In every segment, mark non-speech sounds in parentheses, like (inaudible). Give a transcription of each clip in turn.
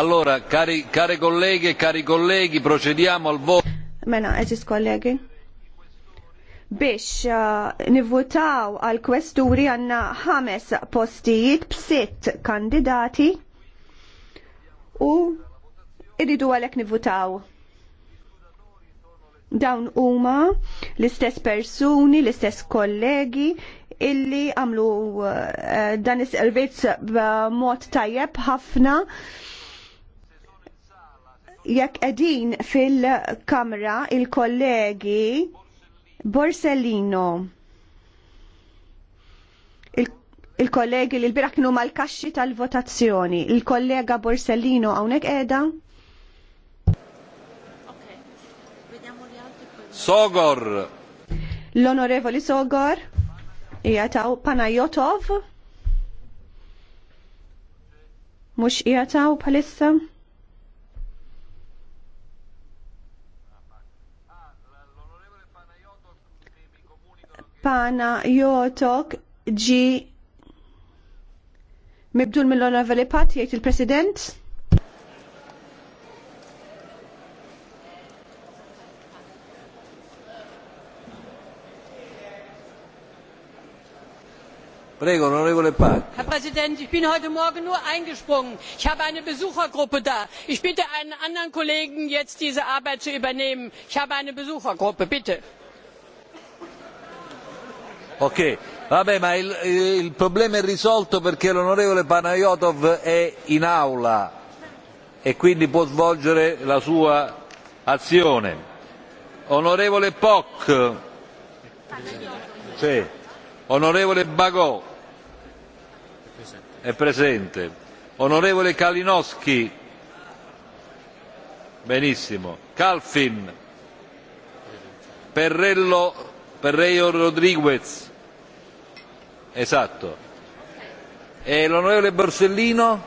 Allora, cari, care colleghe e cari colleghi, procediamo al voto. Mena, eġis kollegi. Biex uh, eh, nivvotaw għal kwesturi għanna ħames postijiet b'sitt kandidati u iridu għalek nivvotaw. Dawn huma l-istess persuni, l-istess kollegi, illi għamlu uh, dan is-servizz b'mod tajjeb ħafna jekk edin fil-kamra il-kollegi Borsellino il-kollegi il li l-birax kienu mal-kaxxi tal-votazzjoni. Il-kollega Borsellino hawnhekk qiegħda? Sogor. L-onorevoli Sogor hija Panajotov. Mhux hija palissa? palissa? Pana Jotok ġi mibdul mill-onorevoli Pat, jgħid il-President. Prego, onorevole Herr Präsident, ich bin heute Morgen nur eingesprungen. Ich habe eine Besuchergruppe da. Ich bitte einen anderen Kollegen, jetzt diese Arbeit zu übernehmen. Ich habe eine Besuchergruppe, bitte. Ok, vabbè ma il, il problema è risolto perché l'onorevole Panayotov è in aula e quindi può svolgere la sua azione. Onorevole Poc, sì. onorevole Bagò è presente, onorevole Kalinowski, benissimo, Calfin, Perrello Perreio Rodriguez, Esatto. E l'onorevole Borsellino?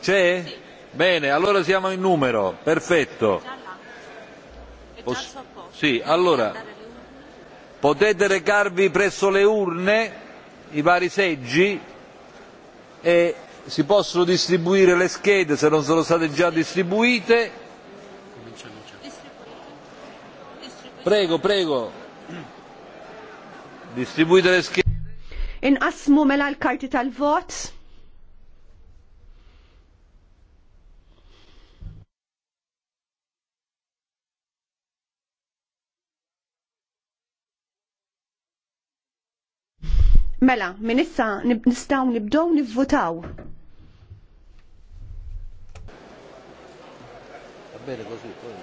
C'è? Bene, allora siamo in numero, perfetto. Poss- sì, allora potete recarvi presso le urne, i vari seggi e si possono distribuire le schede se non sono state già distribuite. Prego, prego. Distribuita le schede. Inqasmu mela l-karti tal-vot. Mela, minissa nistaw nibdow nivvotaw. Va bene così, poi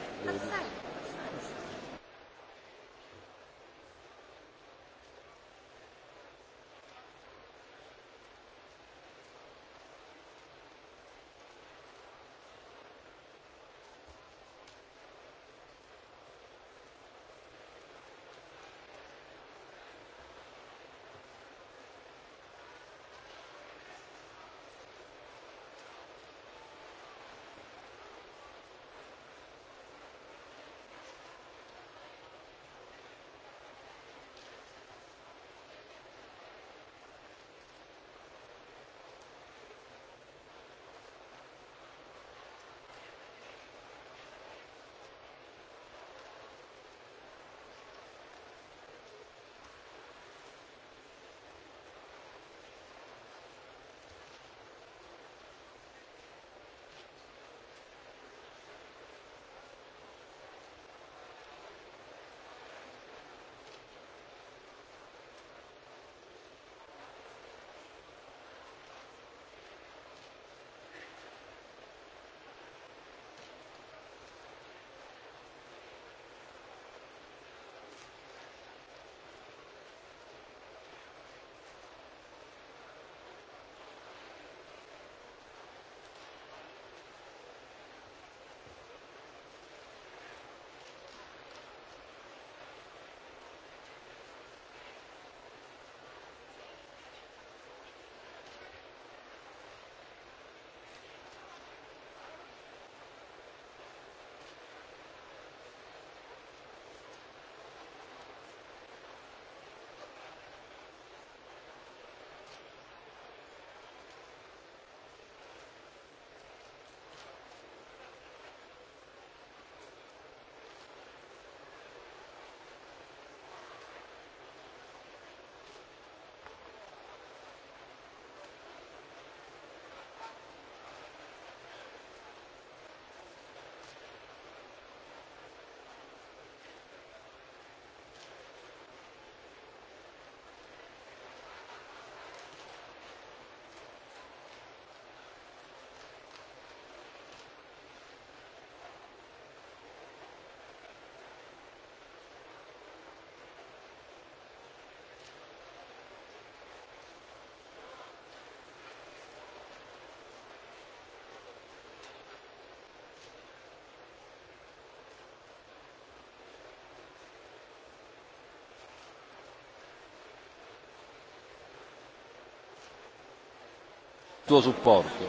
tuo supporto.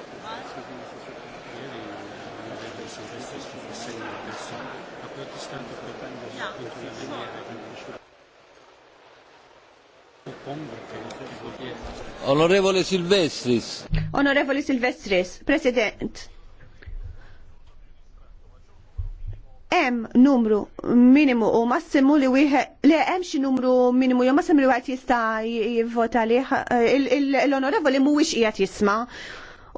Onorevole Silvestris. Onorevole Silvestris, Presidente. hemm numru minimu u massimu li wieħed le hemm xi numru minimu jew massimu li wieħed jista' jivvota lih l-onorevoli mhuwiex qiegħed jisma'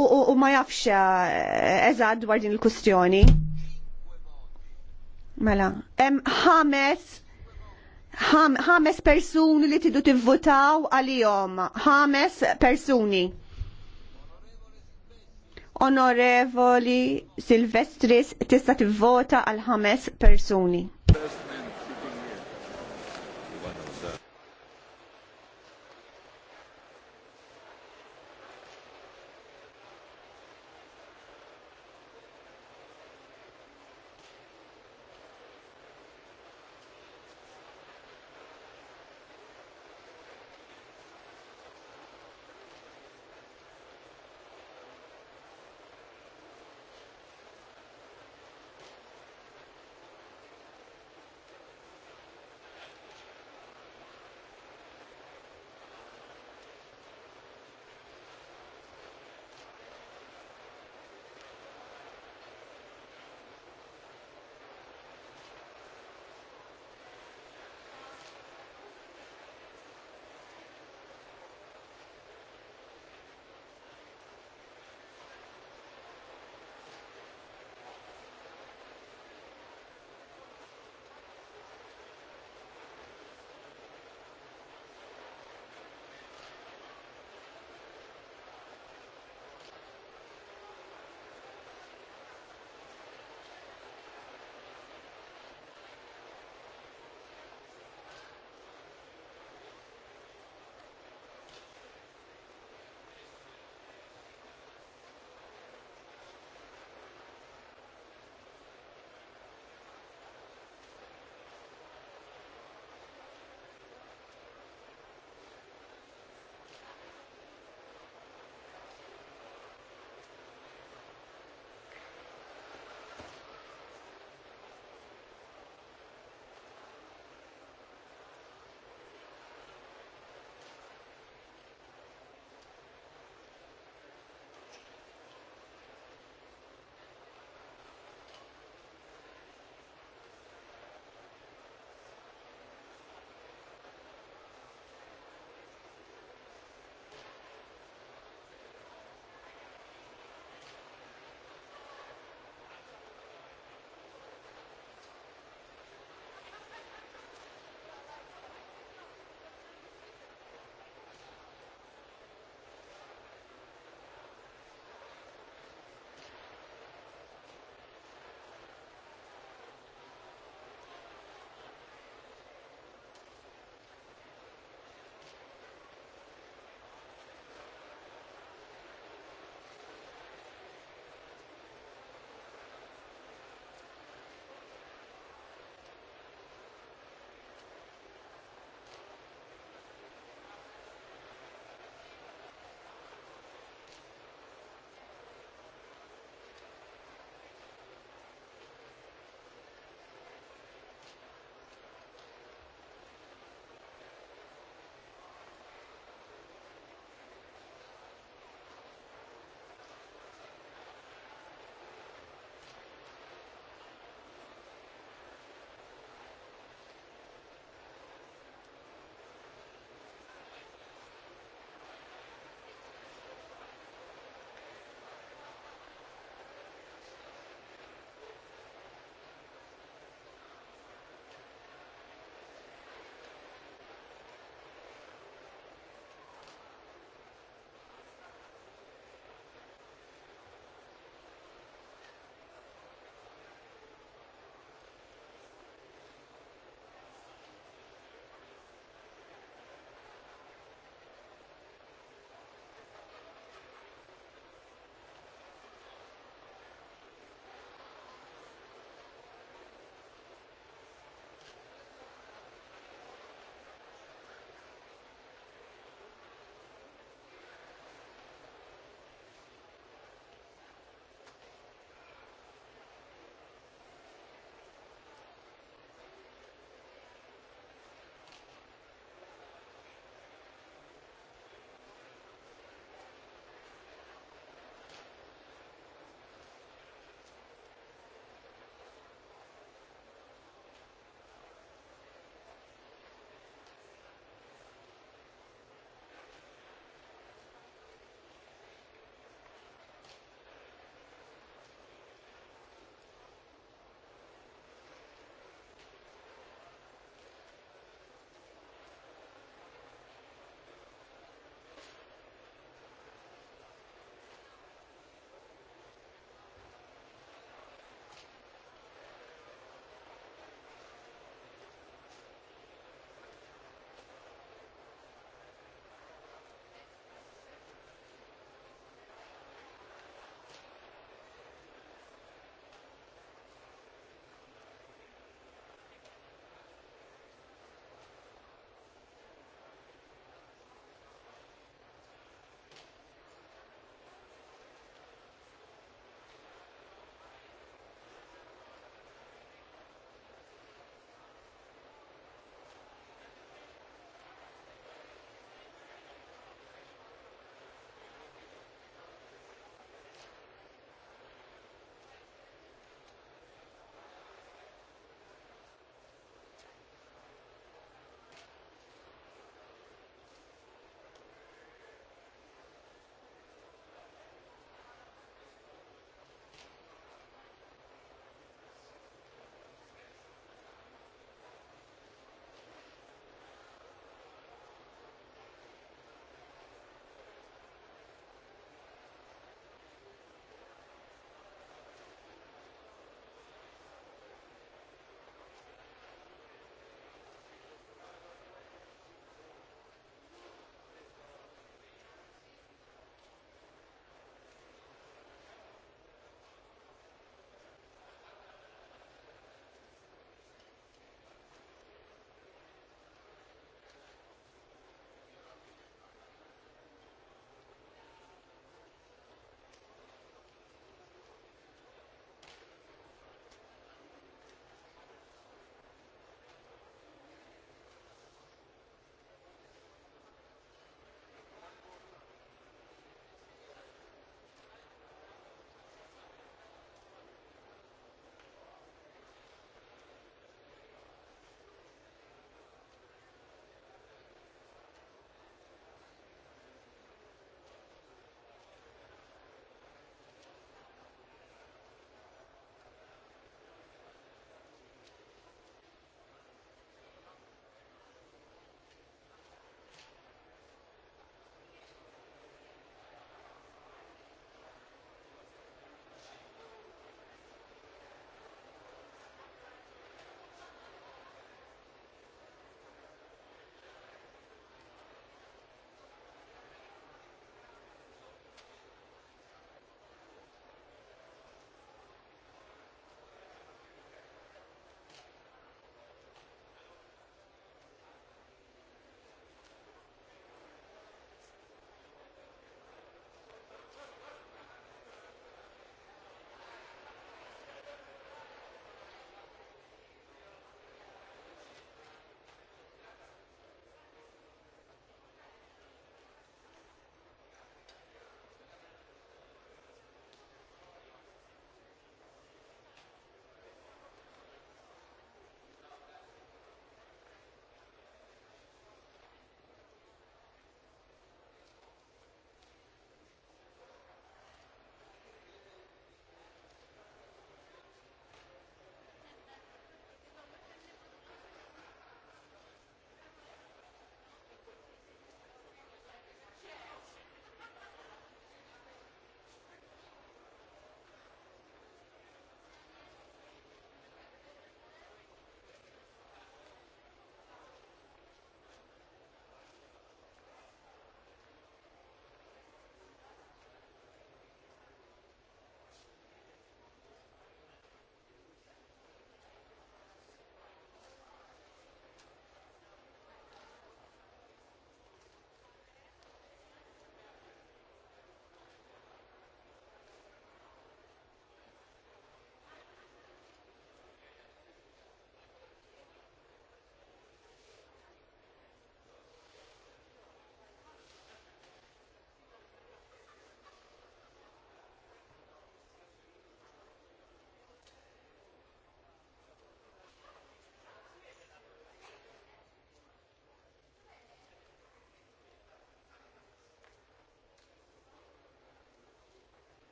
u ma jafx eh, eżatt dwar din il-kustjoni. Mela, hemm ħames ħames persuni li tidu tivvotaw għalihom, ħames persuni. Onorevoli Silvestris tista' tivvota għal ħames persuni.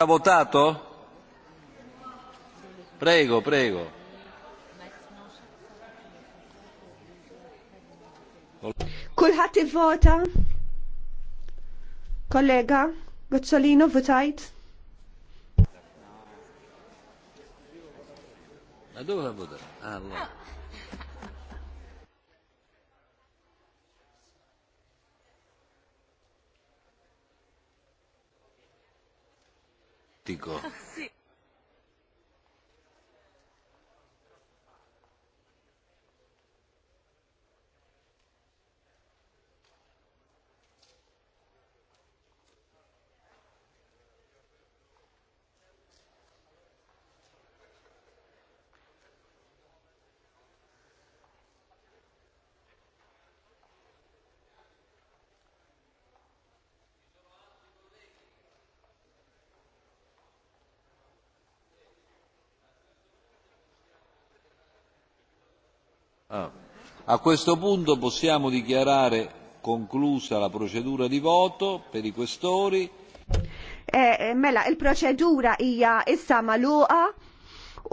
Ha votato? Prego, prego. Kulħat vota Kollega, Gozzolino, votajt? Ma dove ha votato? Ah, allora. dico. (laughs) Ah. A questo punto possiamo dichiarare conclusa la procedura di voto per i questori. Eh, eh mela, il-proċedura hija issa magħluqa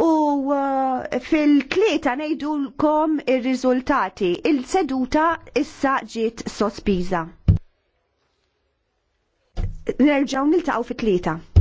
u uh, fil-tlieta ngħidulkom ir-riżultati. Il Il-seduta issa ġiet sospiża. Nerġgħu niltaqgħu fit-tlieta.